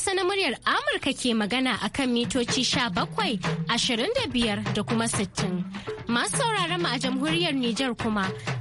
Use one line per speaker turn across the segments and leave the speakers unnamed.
Hausa na muryar Amurka ke magana a kan mitoci bakwai ashirin da biyar da kuma sittin Masu sauraron mu a jamhuriyar Nijar kuma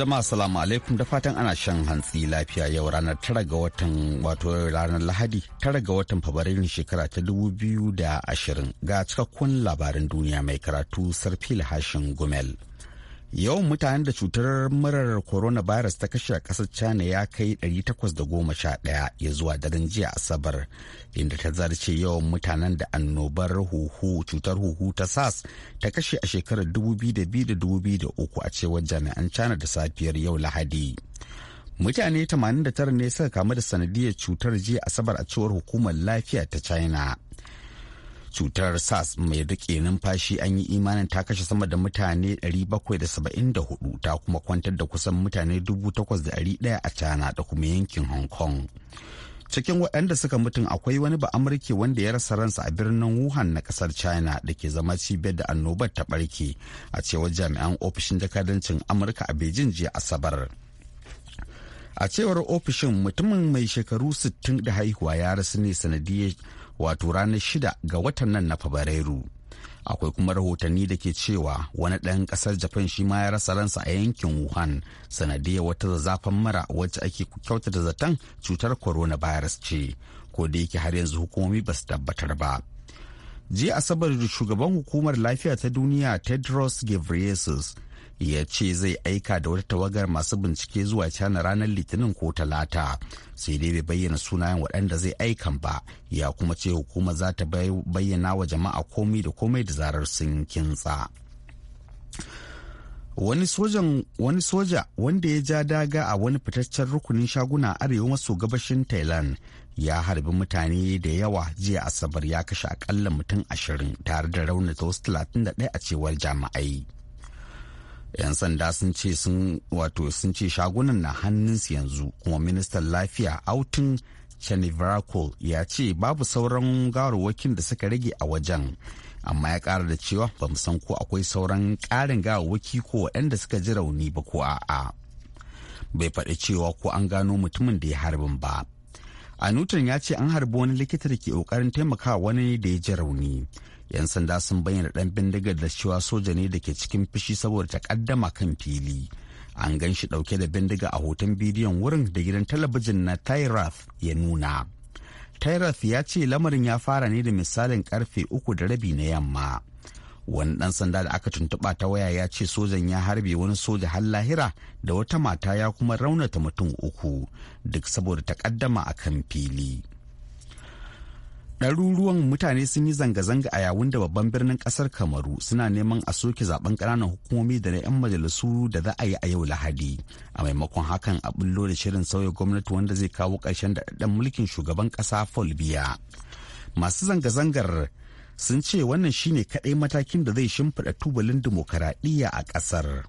jama'a salamu alaikum da fatan ana shan hantsi lafiya yau ranar tara ga watan wato ranar lahadi tara ga watan fabrairun shekara ta dubu biyu da ashirin ga cikakkun labarin duniya mai karatu sarfil hashin gumel yawan mutanen da cutar murar coronavirus ta kashe a kasar china ya kai 811 ya zuwa daren jiya asabar inda ta zarce yawan mutanen da annobar huhu cutar huhu ta sars ta kashe a shekarar 2002-2003 a cewar jami'an china da safiyar yau lahadi mutane 89 ne suka kamu da sanadiyar cutar jiya asabar a cewar hukumar lafiya ta china cutar sars mai rike numfashi an yi imanin ta kashe sama da mutane 774 ta kuma kwantar da kusan mutane 8,100 a china da kuma yankin hong kong cikin waɗanda suka mutum akwai wani ba amurke wanda ya rasa ransa a birnin wuhan na ƙasar china da ke zama cibiyar da annobar ta ɓarke a cewar jami'an ofishin jakadancin amurka a beijing jiya asabar a cewar ofishin mutumin mai shekaru 60 da haihuwa ya rasu ne sanadiyar wato ranar shida ga watan nan na fabrairu akwai kuma rahotanni da ke cewa wani ɗan ƙasar japan shi ma ya rasa ransa a yankin wuhan sanadiyar wata zafin mara wacce ake kyautata zaton cutar coronavirus ce ko da yake har yanzu hukumomi ba su tabbatar ba jiya asabar shugaban hukumar lafiya ta duniya tedros ghebreyesus ya ce zai aika da wata tawagar masu bincike zuwa cana ranar litinin ko talata sai dai bai bayyana sunayen waɗanda zai aikan ba ya kuma ce hukuma za ta bayyana wa jama'a komai da komai da zarar sun kintsa wani sojan wani soja wanda ya ja daga a wani fitaccen rukunin shaguna arewa maso gabashin thailand ya harbi mutane da yawa jiya asabar ya kashe akalla mutum ashirin tare da raunata wasu 31 a cewar jami'ai 'yan sanda sun ce sun wato sun ce shagunan na hannunsu yanzu kuma ministan lafiya autin chanivarakul ya ce babu sauran gawarwakin da suka rage a wajen amma ya kara da cewa ba san ko akwai sauran karin gawarwaki ko waɗanda suka ji rauni ba ko a'a bai faɗi cewa ko an gano mutumin da ya harbin ba a newton ya ce an harbi wani likita da ke ƙoƙarin taimakawa wani da ya ji rauni 'yan sanda sun bayyana ɗan bindigar da cewa soja ne da ke cikin fushi saboda takaddama kan fili an gan shi dauke da bindiga a hoton bidiyon wurin da gidan talabijin na tairaf ya nuna tairaf ya ce lamarin ya fara ne da misalin karfe uku da rabi na yamma wani dan sanda da aka tuntuɓa ta waya ya ce sojan ya harbe wani soja har lahira da wata mata ya kuma raunata mutum uku duk saboda takaddama a kan fili ɗaruruwan mutane sun yi zanga-zanga a yawun da babban birnin ƙasar kamaru suna neman a soke zaben ƙananan hukumomi da na 'yan majalisu da za a yi a yau lahadi a maimakon hakan a bullo da shirin sauya gwamnati wanda zai kawo ƙarshen daɗaɗɗen mulkin shugaban ƙasa paul masu zanga-zangar sun ce wannan shine kaɗai matakin da zai shimfiɗa tubalin dimokuraɗiyya a ƙasar.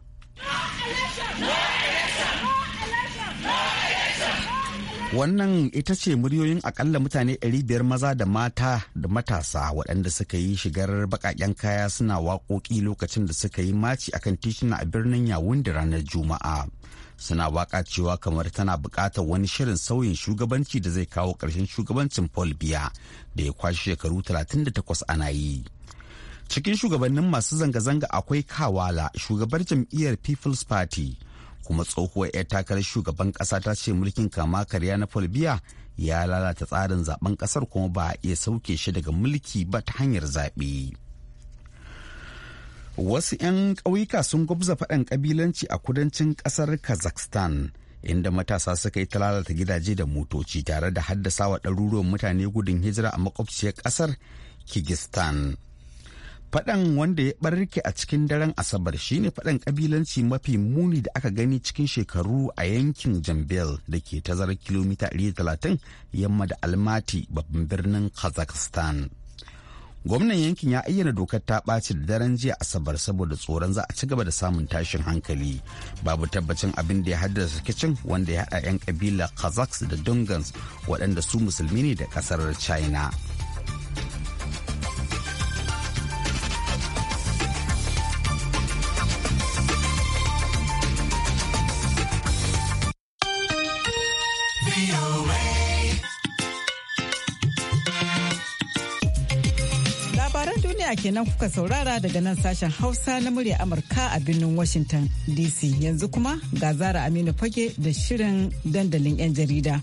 Wannan ita ce muryoyin akalla mutane 500 maza da mata da matasa waɗanda suka yi shigar baƙaƙen kaya suna waƙoƙi lokacin da suka yi maci akan titina a birnin Yawun da ranar Juma'a. Suna waƙa cewa kamar tana buƙatar wani shirin sauyin shugabanci da zai kawo ƙarshen shugabancin Paul Biya da ya kwashe shekaru 38 ana yi. Cikin shugabannin masu zanga-zanga akwai Kawala, shugabar jam'iyyar People's Party. kuma tsohuwar 'yar takarar shugaban ƙasa ta ce mulkin kama karya na folbiya ya lalata tsarin zaben ƙasar kuma ba a iya sauke shi daga mulki ba ta hanyar zaɓe. Wasu 'yan ƙauyuka sun gwabza faɗan ƙabilanci a kudancin ƙasar Kazakhstan. inda matasa suka yi ta lalata gidaje da motoci tare da haddasa wa ɗaruruwan mutane gudun hijira a makwabciyar ƙasar kigistan Faɗan wanda ya barke a cikin daren Asabar shine faɗan kabilanci mafi muni da aka gani cikin shekaru a yankin Jambel da ke tazarar kilomita 130 yamma da Almaty babban birnin Kazakhstan. Gwamnan yankin ya ayyana dokar ta ɓaci da daren jiya Asabar saboda tsoron za a ci gaba da samun tashin hankali. Babu tabbacin abin da ya haddasa kicin wanda ya haɗa 'yan kabila Kazakhs da Dungans waɗanda su musulmi ne da ƙasar China.
kenan kuka saurara daga nan sashen Hausa na murya Amurka a birnin Washington DC. Yanzu kuma ga Zara Aminu Fage da shirin dandalin 'yan jarida.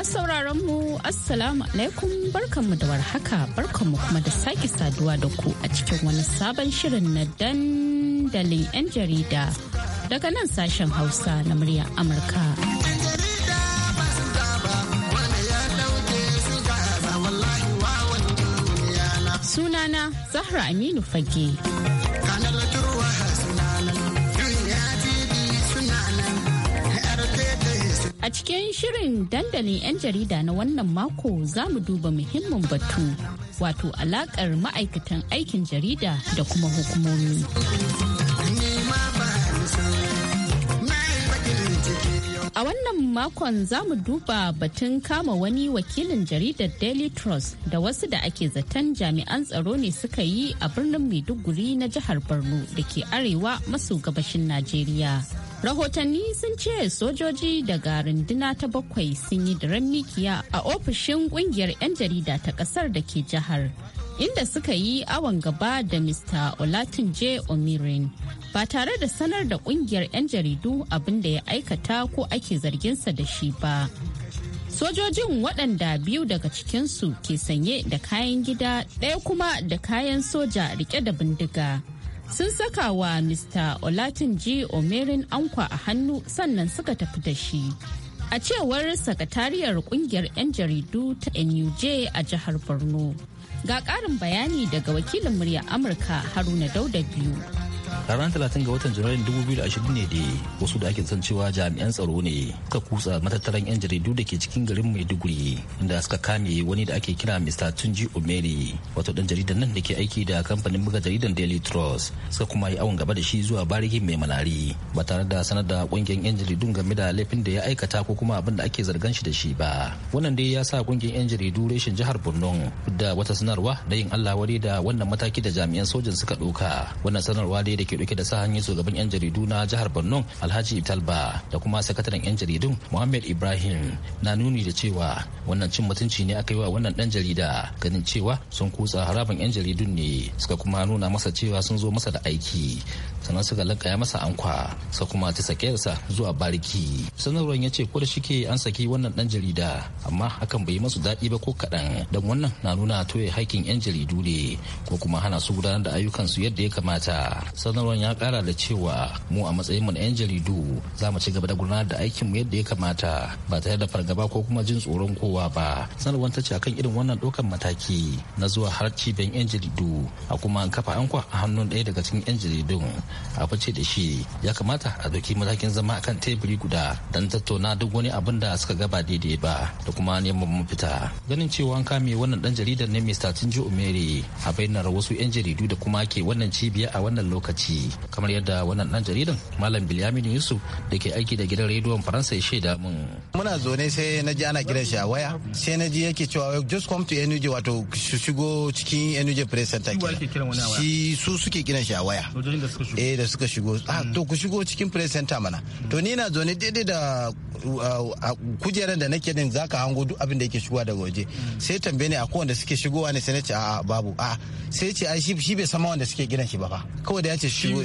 Masu sauraron mu Assalamu alaikum barkanmu da warhaka barkanmu kuma da sake saduwa da ku a cikin wani sabon shirin na dandalin 'yan jarida daga nan sashen Hausa na muryar Amurka. sunana Zahra Aminu Fage. A cikin shirin dandalin 'yan jarida na wannan mako za mu duba muhimmin batu wato alakar ma'aikatan aikin jarida da kuma hukumomi. A wannan makon za mu duba batun kama wani wakilin jaridar Daily Trust da wasu da ake zaton jami'an tsaro ne suka yi a birnin Maiduguri na jihar Borno da ke arewa maso gabashin Najeriya. rahotanni sun ce sojoji daga runduna ta bakwai sun yi daren mikiya a ofishin kungiyar 'yan jarida ta kasar da ke jihar inda suka yi awon gaba da mr olatunje omirin ba tare da sanar da kungiyar 'yan jaridu abin da ya aikata ko ake zarginsa da shi ba sojojin waɗanda biyu daga cikinsu ke sanye da kayan gida ɗaya kuma da kayan soja rike da bindiga. sun saka wa Mr. Olatunji Omerin Ankwa a hannu sannan suka tafi da shi. A cewar sakatariyar kungiyar 'yan jaridu ta NUJ a jihar Borno. Ga ƙarin bayani daga wakilin murya Amurka Haruna Dauda biyu.
a ranar 30 ga watan janairun 2020 ne da wasu da ake san cewa jami'an tsaro ne suka kusa matattaran 'yan jaridu da ke cikin garin maiduguri inda suka kame wani da ake kira mr tunji omeri wato dan jaridan nan da ke aiki da kamfanin buga jaridan daily trust suka kuma yi awon gaba da shi zuwa bariki mai malari ba tare da sanar da kungiyar 'yan jaridun game da laifin da ya aikata ko kuma abin da ake zargan shi da shi ba wannan dai ya sa kungiyar 'yan jaridu reshen jihar borno da wata sanarwa da yin allah wari da wannan mataki da jami'an sojan suka ɗauka wannan sanarwa dai da ke dauke da sa hanyar shugaban yan jaridu na jihar borno alhaji talba da kuma sakataren yan jaridun muhammad ibrahim na nuni da cewa wannan cin mutunci ne aka yi wa wannan dan jarida ganin cewa sun kutsa haraban yan jaridun ne suka kuma nuna masa cewa sun zo masa da aiki sannan suka lakaya masa ankwa suka kuma ci sakayarsa zuwa bariki sanarwar ya ce ko da shike an saki wannan dan jarida amma hakan bai masu daɗi ba ko kaɗan don wannan na nuna toye haƙƙin 'yan jaridu ne ko kuma hana su gudanar da ayyukan su yadda ya kamata sanarwar ya kara da cewa mu a matsayin mu na 'yan jaridu za mu ci gaba da gudanar da aikin mu yadda ya kamata ba tare da fargaba ko kuma jin tsoron kowa ba sanarwar ta ce akan irin wannan ɗaukan mataki na zuwa har cibiyar 'yan jaridu a kuma kafa ankwa a hannun ɗaya daga cikin 'yan jaridun a fice da shi ya kamata a doki matakin zama akan teburi guda don tattauna duk wani abin da suka gaba daidai ba da kuma neman mafita ganin cewa an kame wannan dan jaridar ne Mr. Tunji Umeri a bayyanar wasu 'yan jaridu da kuma ke wannan cibiya a wannan lokaci kamar yadda wannan dan jaridan Malam Bilyamin Yusuf da ke aiki da gidan rediyon Faransa ya shaida mun
muna zaune sai na ji ana kiran shi a waya sai na ji yake cewa just come to enuje wato shigo cikin enuje press center shi su suke kiran shi a waya eh da suka shigo ah, mm. to ku shigo cikin press center mana to ni na zo ne daidai da uh, uh, kujeran da nake din zaka hango duk abin da yake shigowa daga waje mm. sai tambaye ni akwai wanda suke shigowa ne sai nace a a'a babu a ah, sai ce ai shi bai sama wanda suke gidan shi ba fa kawai da ya ce shigo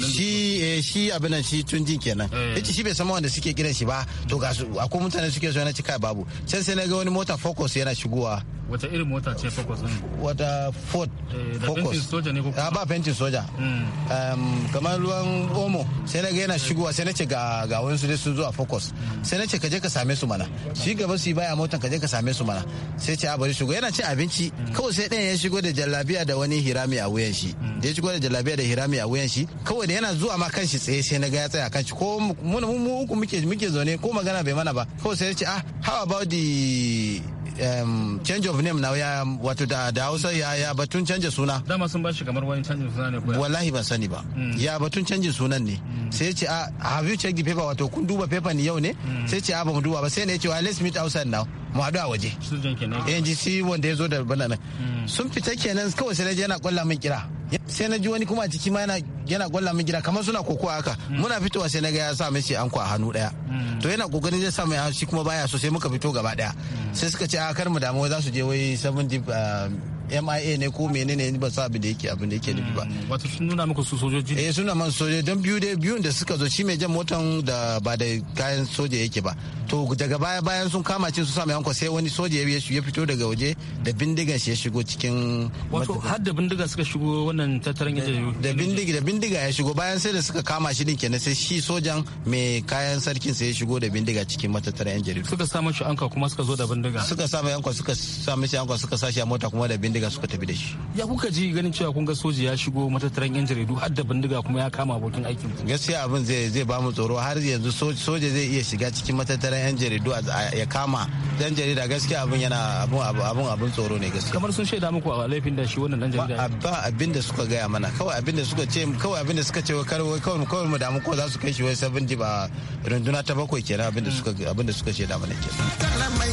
shi eh, shi abin nan shi tun jin kenan eh. yace shi bai sama wanda suke gidan shi ba to ga akwai mutane suke so na ci kai babu can sai na ga wani mota focus yana shigowa wata
irin mota ce focus
wata ford eh, focus ah, ba fentin soja mm. um, kamar ruwan omo sai na ga yana shigowa sai na ce ga ga wani su ne su zuwa focus sai na ce ka je ka same su mana shi gaba su yi baya motan ka je ka same su mana sai ce a bari shigo yana ce abinci kawai sai ɗaya ya shigo da jallabiya da wani hirami a wuyan shi da ya shigo da jallabiya da hirami a wuyan shi kawai da yana zuwa ma kan shi tsaye sai na ga ya tsaya kan shi ko mu uku muke muke zaune ko magana bai mana ba kawai sai ya ce ah how about the change of name na ya wato da hausa ya ya batun canja suna dama sun ba shi kamar wani canjin suna ne wallahi ban sani ba mm. ya batun canjin sunan ne mm. sai ce a have you checked the paper wato kun duba paper ni yau ne mm. sai ce a ba mu duba ba sai ne ya ce let's meet outside now mu haɗu a waje. Yan eh, ji NGC wanda ya zo da bana nan Sun fita kenan kawai sai yana kwalla min kira. sai na ji wani kuma a ciki ma yana gwalla min gida kamar suna kokowa haka mm. muna fitowa sai na ga ya sa mai anko a hannu daya mm. to yana kokarin zai sa mai shi kuma baya so sai muka fito gaba daya mm. sai suka ce a ah, kar mu damu za su je wai 70 mia ne ko menene ne ba sa abin da yake abin da yake nufi ba mm, wato sun nuna muku su sojoji eh sun nuna sojoji don biyu da biyun da suka zo shi mai jan motan da ba da kayan soja yake ba to daga baya bayan sun kama cin su sami yanko sai wani soja ya fito daga waje da bindigan shi ya shigo cikin wato har da bindiga suka shigo wannan tattaran ita da bindiga da bindiga ya shigo bayan sai da suka kama shi din kenan sai shi sojan mai kayan sarkin sai ya shigo da bindiga cikin matattaran yan jaridu suka sa shi
anka kuma suka zo da bindiga
suka sa yanko suka sa shi anka suka sa shi a mota kuma da bindiga bindiga suka tafi da shi
ya kuka ji ganin cewa kun ga soji ya shigo matattaran yan jaridu har da bindiga kuma ya kama abokin aikin
gaskiya abin zai zai ba mu tsoro har yanzu soja zai iya shiga cikin matattaran yan jaridu ya kama dan jarida gaskiya abin yana abun abun abun tsoro ne gaskiya kamar sun shaida muku a laifin da shi wannan dan jarida ba abin da suka gaya mana kawai abin da suka ce kawai abin da suka ce kawai kawai mu damu ko za su kai shi wai sabin ji ba runduna ta bakwai kenan abin da suka abin da suka shaida mana
kenan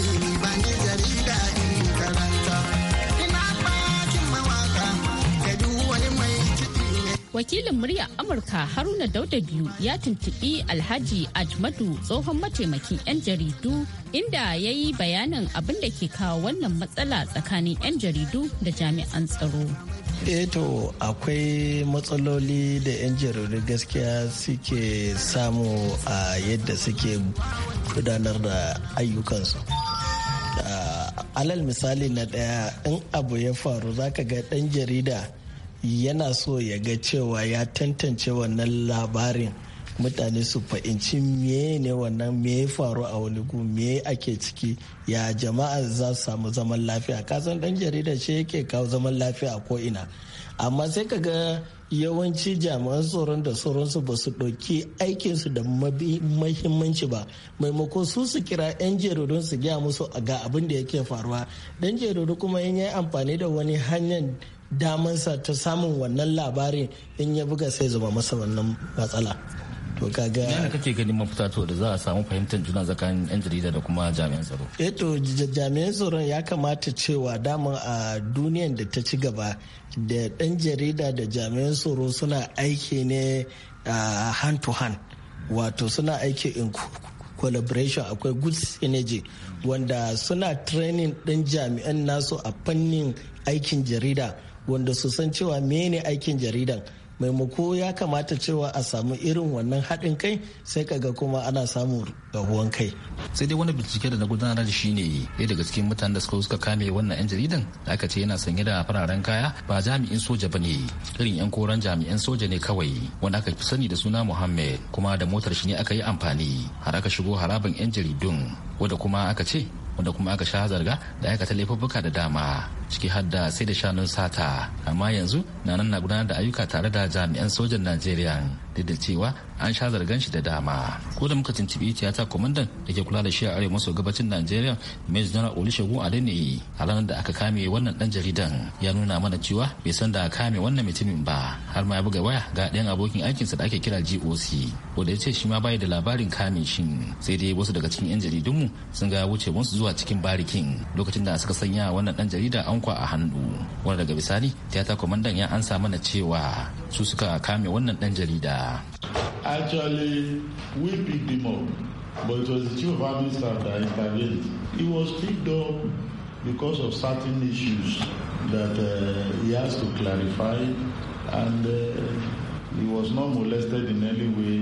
wakilin murya amurka haruna dauda biyu ya tuntubi alhaji ajmadu tsohon mataimakin 'yan jaridu inda ya yi bayanin abin da ke kawo wannan matsala tsakanin 'yan jaridu da jami'an tsaro
eh to akwai matsaloli da 'yan jaridu gaskiya suke samu a yadda suke gudanar da ayyukansu ah, alal misali na ɗaya in abu ya faru zaka ga ɗan jarida yana so ya ga cewa ya tantance wannan labarin mutane su fahimci me ne wannan me ya faru a wani gu me ake ciki ya jama'a za su samu zaman lafiya kasan dan jarida ce yake kawo zaman lafiya ko ina. amma sai ka ga yawanci jami'an tsoron da sauransu ba su ɗauki aikinsu da mahimmanci ba maimako su su kira 'yan jerudun su gaya musu ga abin da yake faruwa dan jerudu kuma in yi amfani da wani hanyar damansa ta samun wannan labarin in ya buga sai zama masa wannan matsala to kaga yana
kake ganin mafita to da za a samu fahimtar juna tsakanin yan jarida da kuma jami'an tsaro
eh to jami'an tsaron ya kamata cewa dama a duniyan da ta ci gaba da dan jarida da jami'an tsaro suna aiki ne hand to hand wato suna aiki in collaboration akwai good energy wanda suna training ɗin jami'an nasu a fannin aikin jarida wanda su san cewa mene aikin jaridan maimako ya kamata cewa a samu irin wannan haɗin kai sai kaga kuma ana samun
gahuwan kai sai dai wani bincike da na gudanar da shi ne ya daga cikin mutanen da suka suka kame wannan yan jaridan da aka ce yana sanye da fararen kaya ba jami'in soja ba ne irin yan koran jami'in soja ne kawai wanda aka fi sani da suna muhammed kuma da motar shi ne aka yi amfani har aka shigo haraban yan jaridun wanda kuma aka ce wanda kuma aka sha zarga da aikata laifuffuka da dama ciki har da sai da shanun sata amma yanzu na nan na gudanar da ayyuka tare da jami'an sojan najeriya duk da cewa an sha zargan shi da dama ko da muka tuntubi tiyata kwamandan da ke kula da shi a arewa maso gabacin najeriya mai janar olusegun adeniyi a ranar da aka kame wannan dan jaridan ya nuna mana cewa bai san da kame wannan mutumin ba har ma ya buga waya ga ɗayan abokin aikinsa da ake kira goc wanda ya ce shi ma bai da labarin kame shi sai dai wasu daga cikin 'yan jaridunmu sun ga wuce musu zuwa cikin barikin lokacin da suka sanya wannan dan jarida a ankwa a hannu wani daga bisani tiyata kwamandan ya ansa mana cewa su suka kame wannan dan jarida
actually we picked him up but it was the chief of army staff that intervened he was picked up because of certain issues that uh, he has to clarify and uh, He was not molested in any way.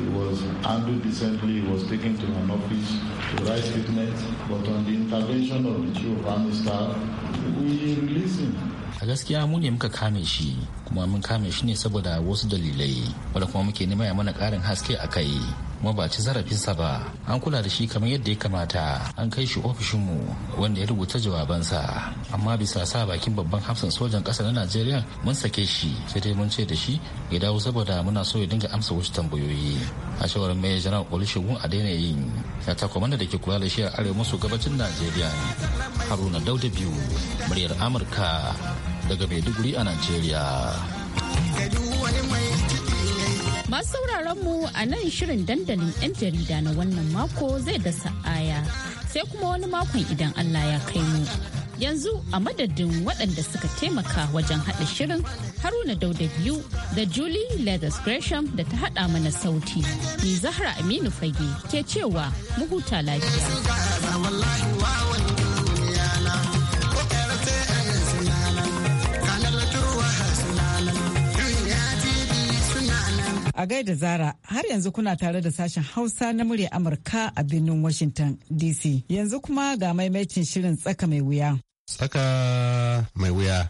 He was handled decently. He was taken to an office to write statements. But on the intervention of the chief of army staff,
a gaskiya mu ne muka kame shi kuma mun kame shi ne saboda wasu dalilai wadda kuma muke nema ya mana karin haske a kai kuma ba ci zarafinsa ba an kula da shi kamar yadda ya kamata an kai shi ofishinmu wanda ya rubuta jawabansa amma bisa sa bakin babban hafsan sojan ƙasa na najeriya mun sake shi sai dai mun ce da shi ya dawo saboda muna so ya dinga amsa wasu tambayoyi a shawarar mai jiran olushegun a daina yin ya ta kwamanda da ke kula da shi a arewa maso gabacin najeriya haruna dauda biyu muryar amurka daga maiduguri a najeriya
Masu sauraron mu a nan shirin dandalin 'yan jarida na wannan mako zai dasa aya sai kuma wani makon idan Allah ya kai mu. Yanzu a madadin waɗanda suka taimaka wajen haɗa shirin Haruna Dauda biyu da Julie Leathers Gresham da ta haɗa mana sauti. Ni Zahra Aminu Fage ke cewa mu huta lafiya.
A gaida Zara har yanzu kuna tare da sashen Hausa na murya Amurka a birnin Washington DC. Yanzu kuma ga maimacin shirin tsaka mai wuya.
Tsaka mai wuya.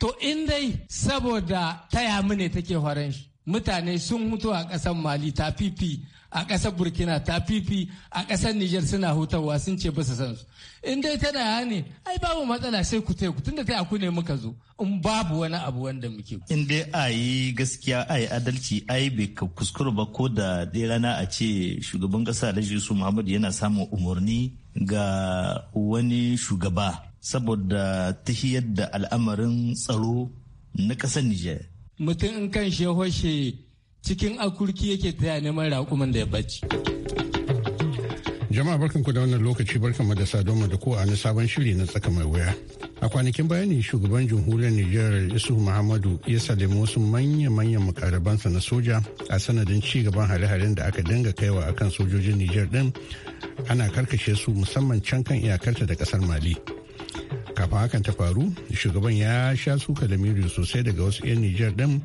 To
in dai saboda taya mu ne take horon shi. Mutane sun mutu a ƙasar Mali ta fifi a ƙasar burkina ta fifi a ƙasar niger suna hutawa sun ce ba su san su in dai tana ne ai babu matsala sai ku taya ku tunda ta ku ne muka zo in babu wani abu wanda muke
in dai a yi gaskiya a yi adalci ai bai ka kuskura ba ko da ɗaya rana a ce shugaban ƙasa da Jesu muhammad yana samun umarni ga wani shugaba saboda tahiyar da al'amarin tsaro na ƙasar niger
mutum in kan shehoshe cikin akurki yake taya neman raƙuman da ya bacci.
jama'a barkan da wannan lokaci barkan da saduwa da ko a na sabon shiri na tsaka mai wuya a kwanakin bayani shugaban jamhuriyar nijar isu muhammadu ya salimi wasu manya-manyan mukarabansa na soja a sanadin ci gaban hare-haren da aka dinga kaiwa akan sojojin nijar din ana karkashe su musamman can kan iyakarta da kasar mali kafin hakan ta faru shugaban ya sha suka lamiri sosai daga wasu 'yan nijar din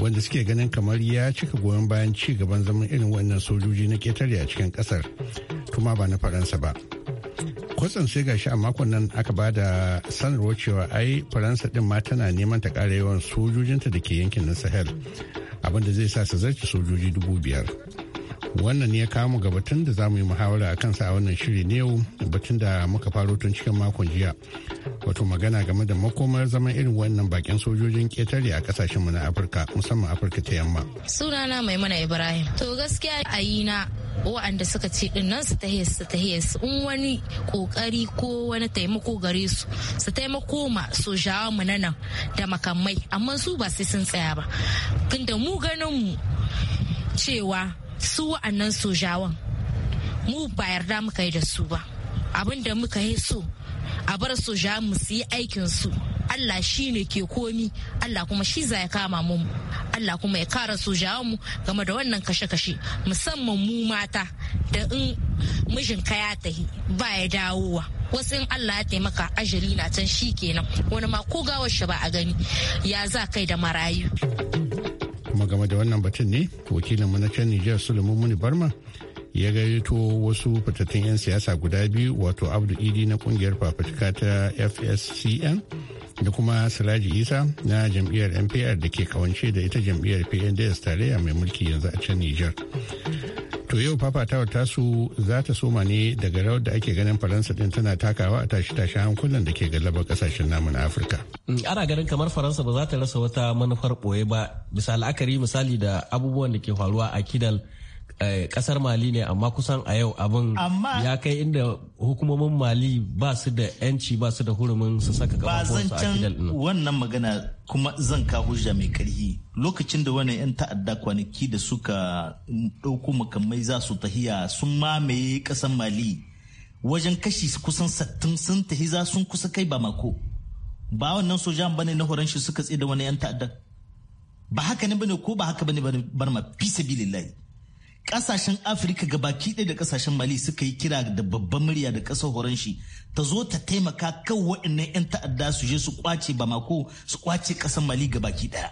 wanda suke ganin kamar ya cika goyon bayan ci gaban zaman irin wannan sojoji na ketare a cikin kasar kuma ba na faransa ba kwatsan sai gashi a makon nan aka ba da sanarwar cewa ai faransa din ma tana neman ta kara yawan sojojinta da ke yankin na sahel abinda zai sa su zarci sojoji dubu biyar wannan ne ya kawo mu ga batun da za mu yi muhawara a kansa a wannan shiri ne yau batun da muka faro tun cikin makon jiya wato magana game da makomar zaman irin wannan bakin sojojin ketare a kasashen mu na afirka musamman afirka ta yamma
sunana maimuna ibrahim to gaskiya a yi na wa'anda suka ce din nan su tahe su tahe su in wani kokari ko wani taimako gare su su taimako ma sojawa mu na nan da makamai amma su ba sai sun tsaya ba tunda mu ganin mu cewa su wa'annan sojawan mu ba yarda muka yi da su ba abin da muka yi so a bar soja mu su yi aikin su Allah shi ne ke komi Allah kuma shi za ya kama mu Allah kuma ya kara sojawan mu game da wannan kashe-kashe musamman mu mata da in mijin ka ya tahi ba ya dawowa wasu in Allah ya taimaka ajali na can shi kenan wani ma ko gawar shi ba a gani ya za kai da marayu.
kuma game da wannan batun ne wakilinmu na can nijar suleiman muni barma ya gayyato wasu fitattun 'yan siyasa guda biyu wato abdu idi na kungiyar fafutuka ta fscn da kuma siraji isa na jam'iyyar npr da ke kawance da ita jam'iyyar pnds tarayya mai mulki yanzu a can nijar to yau fafatawar tasu za ta soma ne daga rawar da ake ganin faransa din tana takawa a tashi tashi hankulan da ke galabar kasashen namu na afirka
mm, ana ganin kamar faransa ba za ta rasa wata manufar ɓoye ba misali akari misali da abubuwan da ke faruwa a kidal Eh, kasar mali ne amma kusan a yau abin ya kai inda hukumomin mali ba su da yanci
ba su da hurumin su saka su a gidan nan wannan magana kuma zan ka hujja mai karhi lokacin da wani yan ta'adda kwanaki da suka ɗauko makamai za su tahiya sun mamaye kasar mali wajen kashi kusan sattin sun tahi za sun kusa kai ba mako ba wannan sojan bane na horon shi suka tsaye da wani yan ta'adda ba haka ne bane ko ba haka bane barma fi sabilillahi kasashen afirka ga baki ɗaya da kasashen mali suka yi kira da babban murya da ƙasar horon shi ta zo ta taimaka kan waɗannan 'yan ta'adda su je su kwace bamako su kwace ƙasar mali gabaki ɗaya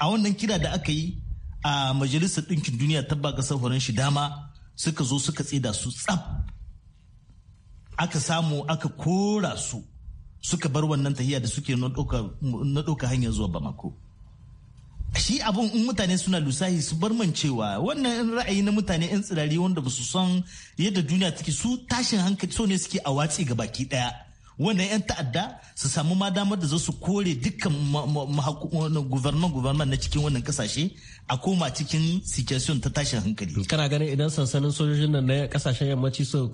a wannan kira da aka yi a majalisar ɗinkin duniya ta ba ƙasar horon shi dama suka zo suka tseda su tsaf aka samu aka kora su suka bar wannan tahiya da suke na ɗauka hanyar zuwa bamako shi abun in mutane suna lusahi su bar man cewa wannan ra'ayi na mutane yan tsirari wanda basu san yadda duniya take su tashin hankali so ne suke a watsi ga baki daya wannan yan ta'adda su samu ma damar da za su kore dukkan guvernan guvernan na cikin wannan kasashe a koma cikin situation ta tashin hankali hmm, kana ganin idan sansanin
sojojin nan na kasashen yammaci su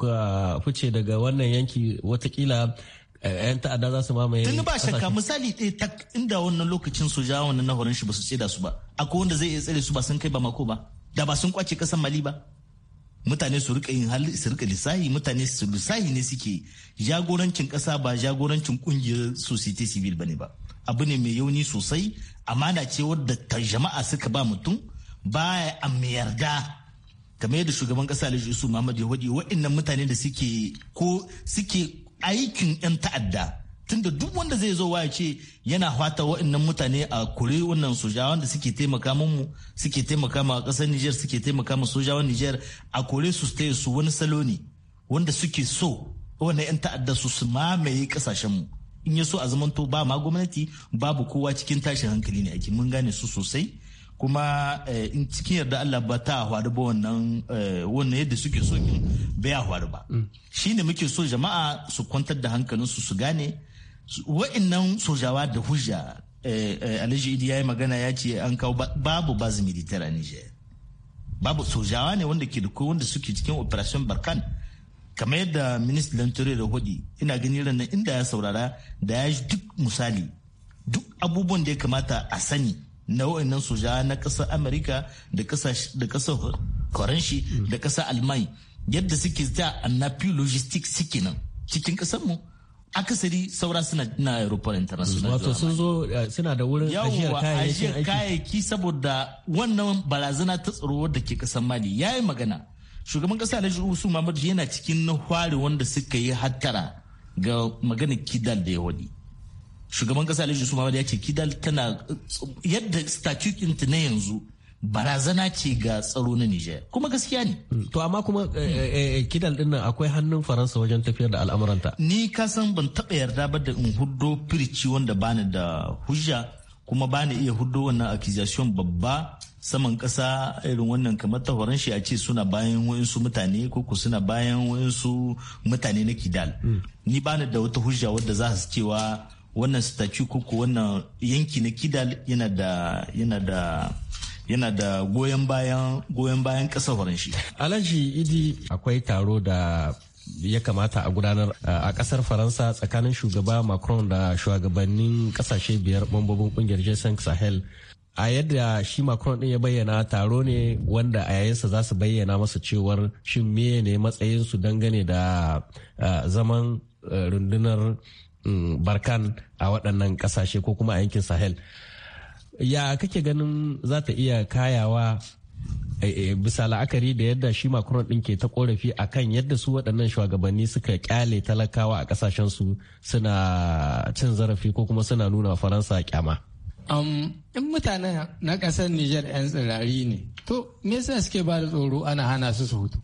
fice daga wannan yanki watakila
'yan ta'adda za su mamaye tun ba shakka misali ɗaya inda wannan lokacin su ja wannan nahorin shi ba su da su ba akwai wanda zai iya tsare su ba sun kai ba mako ba da ba sun kwace kasan mali ba mutane su rika yin hali su rika lissahi mutane su lissahi ne suke jagorancin kasa ba jagorancin kungiyar society civil bane ba abu ne mai yauni sosai amana ce wadda ta jama'a suka ba mutum ba a yarda kamar yadda shugaban kasa Alhaji Yusuf Muhammad ya waɗi waɗannan mutane da suke ko suke aikin 'yan ta'adda tunda duk wanda zai zo ya ce yana fata waɗannan mutane a kure wannan sojawan da suke taimaka mu suke taimaka ma ƙasar Nijar suke taimaka ma sojawan Nijar a kore su stay su wani salo ne wanda suke so wannan 'yan ta'adda su su mamaye ƙasashen mu in ya so a zamanto ba ma gwamnati babu kowa cikin tashin hankali ne ake mun gane su sosai kuma eh, in cikin yarda Allah ba ta faru ba wannan eh, wannan yadda suke so in baya faru ba mm. shine muke so jama'a su kwantar da hankalinsu su gane wa'annan sojawa da hujja eh, Alhaji Idi ya yi magana ya ce an kawo babu bazi militar a Niger babu sojawa ne wanda ke da wanda suke cikin operation Barkan kamar yadda minista Lanture da hudi ina gani ranar inda ya saurara da ya duk misali duk abubuwan da ya kamata a sani na nan soja na ƙasar amerika da ƙasar faranshi da ƙasar alman yadda suke a annafi logistics suke nan cikin kasar mu akasari saura suna na aeroport international wato sun
zo eh, suna da wurin ajiyar kayayyakin aiki
kayayyaki saboda wannan barazana ta tsaro wadda ke ƙasar mali yayi magana shugaban ƙasa alhaji usman mamadu yana cikin na wanda suka yi hattara ga magana kidal da ya wadi shugaban kasa alhaji su ya ce kidal tana yadda statutin ta na yanzu barazana ce ga tsaro na Niger kuma gaskiya ne. Hmm. To amma kuma eh, eh, eh, kidal din nan akwai hannun Faransa wajen tafiyar da al'amuranta. Ni ka san ban taba yarda ba da in huddo firici wanda bani da hujja kuma bani iya huddo wannan accusation babba saman kasa irin wannan kamar ta shi a ce suna bayan su mutane ko ku suna bayan su mutane na kidal. Hmm. Ni bani da wata hujja wadda za su cewa wannan staci koko wannan yanki na kidal yana da yana da yana da goyon bayan goyon bayan ƙasa faranshi. Alhaji
Idi akwai taro da ya kamata a gudanar eh, a kasar faransa tsakanin shugaba macron da shugabannin kasashe biyar mambobin kungiyar jason sahel a yadda shi macron din ya bayyana taro ne wanda a yayinsa za su bayyana masa cewar shin meye ne matsayinsu dangane da eh, zaman eh, rundunar Mm, barkan a waɗannan ƙasashe ko kuma a yankin sahel ya kake ganin za ta iya kayawa eh, eh, bisa la'akari da yadda shi makron ɗin ke ta korafi a kan yadda su waɗannan shugabanni suka kyale talakawa a ƙasashensu suna cin zarafi ko kuma suna nuna faransa kyama
in mutane na ƙasar Nijar 'yan tsirari ne to me yasa suke ba da tsoro ana hana su su hutu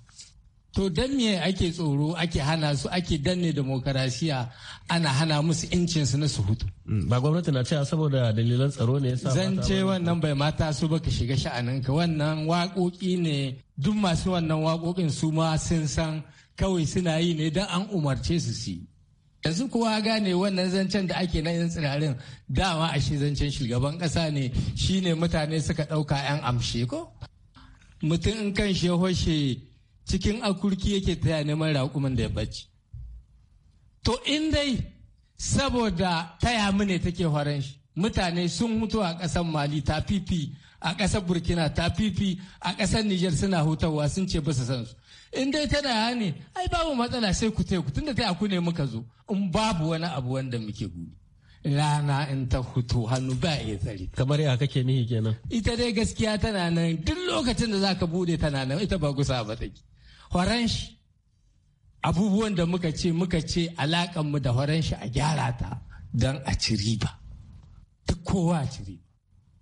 To dan me ake tsoro ake hana su ake danne demokarasiya ana hana musu incinsu na su hutu.
Mm, ba gwamnati na cewa saboda dalilan tsaro ne yasa Zan ce
wannan bai mata su baka shiga sha'aninka wannan waƙoƙi ne duk masu wannan waƙoƙin su ma sun san kawai suna yi ne don an umarce su si. yanzu kowa gane wannan zancen da ake na yin tsirarin dama a shi zancen shugaban kasa ne shine mutane suka ɗauka yan amshe ko mutum in kan shi cikin akurki yake taya neman raƙumin da ya ɓaci to in dai saboda taya mune take horon shi mutane sun mutu a ƙasar mali ta fifi a ƙasar burkina ta fifi a ƙasar niger suna hutawa sun ce basu san su in dai tana ne ai babu matsala sai ku ku tunda ta ku ne muka zo in babu wani abu wanda muke gudu rana in ta hutu hannu ba iya tsari
kamar ya kake nihi kenan
ita dai gaskiya tana nan duk lokacin da zaka bude tana nan ita ba gusa ba take faranshi abubuwan da muka ce muka ce alaƙanmu da faranshi a gyara ta don a ci riba duk kowa a ci riba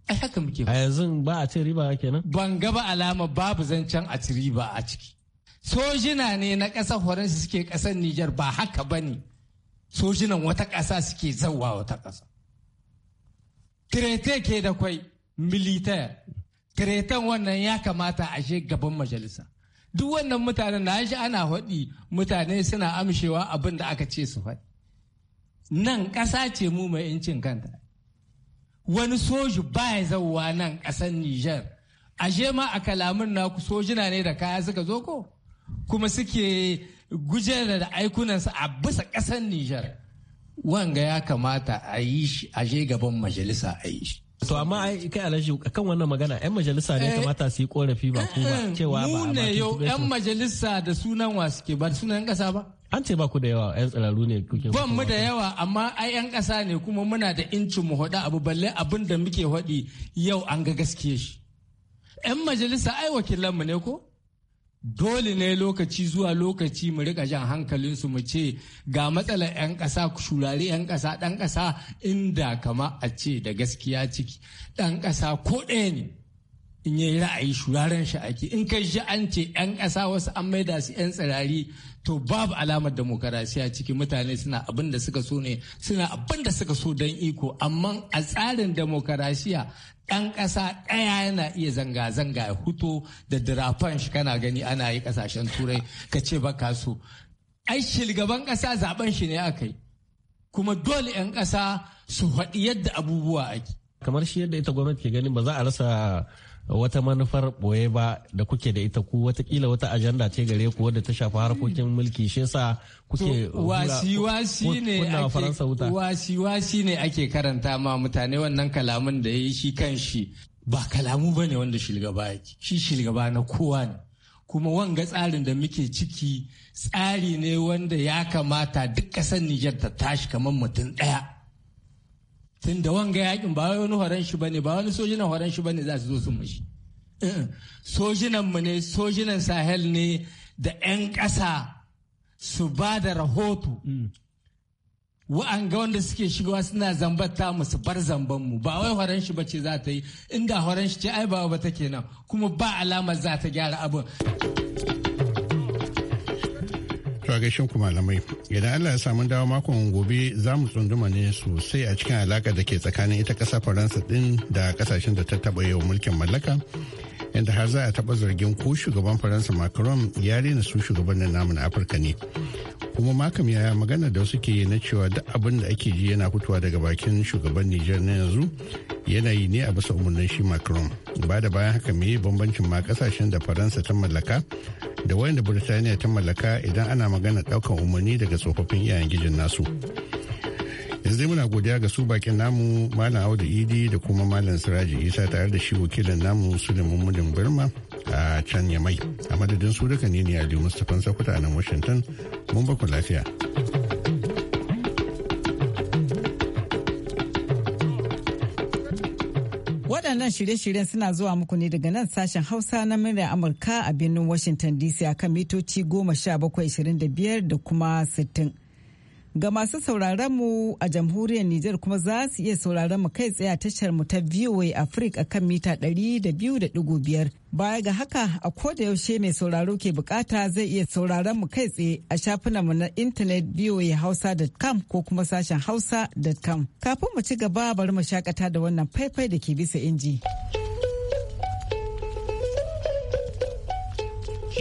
ai haka muke a yanzu ba a ci riba kenan ban ga ba alama babu zancen a ci riba a ciki sojina ne na ƙasar faransa suke ƙasar niger ba haka ba ne sojinan wata ƙasa suke zauwa wata ƙasa kirete ke da kwai militar kiretan wannan ya kamata a gaban majalisa duk wannan mutanen na shi ana haɗi mutane suna amshewa abin da aka ce su faɗi nan ƙasa ce mu mai incin kanta wani soji ba zauwa nan ƙasar Nijar ashe ma a kalamin naku sojina ne da kaya suka zo ko kuma suke gujera da aikunansa a bisa ƙasar Nijar
wanga ya kamata a yi shi je gaban majalisa a yi shi To amma ai kai alhaji kan wannan magana yan majalisa ne kamata su yi korafi
ba ku ba cewa ba. Mu ne yau yan
majalisa da sunan wa suke ba sunan kasa ba. An ce ba ku da yawa yan tsararru ne kuke. Ban mu da yawa
amma ai yan kasa ne kuma muna da incin mu hoda abu balle abin da muke hodi yau an ga gaskiye shi. Yan majalisa ai wakilan mu ne ko? dole ne lokaci zuwa lokaci mu rika jan hankalinsu mu ce ga matsala 'yan ƙasa shurare 'yan ƙasa ɗan ƙasa inda kama a ce da gaskiya ciki ɗan ƙasa ko ɗaya ne in yi ra'ayi shuraren shi ake in kai ji an ce 'yan ƙasa wasu an maida su 'yan tsirari to babu alamar demokarasiya ciki mutane suna abin da suka so ne suna abin da suka so don iko amma a tsarin demokarasiya ɗan ƙasa ɗaya yana iya zanga-zanga ya huto da dirafan shi kana gani ana yi ƙasashen turai ka ce ba ka so ai shugaban ƙasa zaben shi ne aka yi
kuma dole 'yan ƙasa su faɗi yadda abubuwa ake kamar shi yadda ita gwamnati ke ganin ba za a rasa wata manufar boye ba da kuke da ita ku watakila wata ajanda ce gare ku wadda ta shafi harkokin mulki shi yasa kuke
wasi-wasi ne ake karanta ma mutane wannan kalamin da ya yi shi kan shi ba kalamu ba ne wanda shilgaba yake shi shilgaba na kowa ne kuma wanga tsarin da muke ciki tsari ne wanda ya kamata duk ƙasar Nijar ta tashi kamar mutum ɗaya tun da wanga yakin ba wani horon shi bane ba wani sojinan horon shi bane za su zo su mashi eh, sojinan mu ne sojinan sahel ne da 'yan ƙasa su ba da rahoto mm. wa'anga wanda suke shigowa suna zambata musu bar zamban mu ba wai horon shi bace za ta yi inda horon shi ce ai ba ba ta kenan kuma ba alamar za ta gyara abin
a gaishen ku malamai idan Allah ya samu dawo makon gobe za mu tsunduma ne sosai a cikin alaka da ke tsakanin ita kasa Faransa din da kasashen da ta taɓa yau mulkin mallaka. Inda har za a taba zargin ko shugaban Faransa Macron ya rena su shugabannin namu na Afirka ne. Kuma makam yaya magana da wasu ke na cewa duk abin da ake ji yana fitowa daga bakin shugaban Nijar na yanzu yanayi ne a bisa umarnin shi Macron. Ba da bayan haka me bambancin ma kasashen da Faransa ta mallaka da wayanda Burtaniya ta mallaka idan ana magana daukan umarni daga tsofaffin iyayen gijin nasu. Yanzu dai muna godiya ga su bakin namu Malam Audu Idi da kuma Malam Siraji Isa tare da shi wakilin namu Suleiman Mummudin Birma a can Yamai. A madadin su duka ne ne Aliyu Mustapha Sakuta a nan Washington. Mun baku lafiya.
Waɗannan shirye-shiryen suna zuwa muku ne daga nan sashen Hausa na murya Amurka a birnin Washington DC a kan mitoci 1725 da kuma 60. Ga masu sauraron mu a jamhuriyar Nijar kuma za su iya sauraron mu kai tsaye a tashar mu ta VOA Africa a kan mita 200.5. Baya ga haka a koda yaushe mai sauraro ke bukata zai iya sauraron mu kai tsaye a shafinan mu na intanet voahausa.com ko kuma sashen hausa.com. Kafin mu ci gaba bari mu shakata da wannan faifai da ke bisa inji.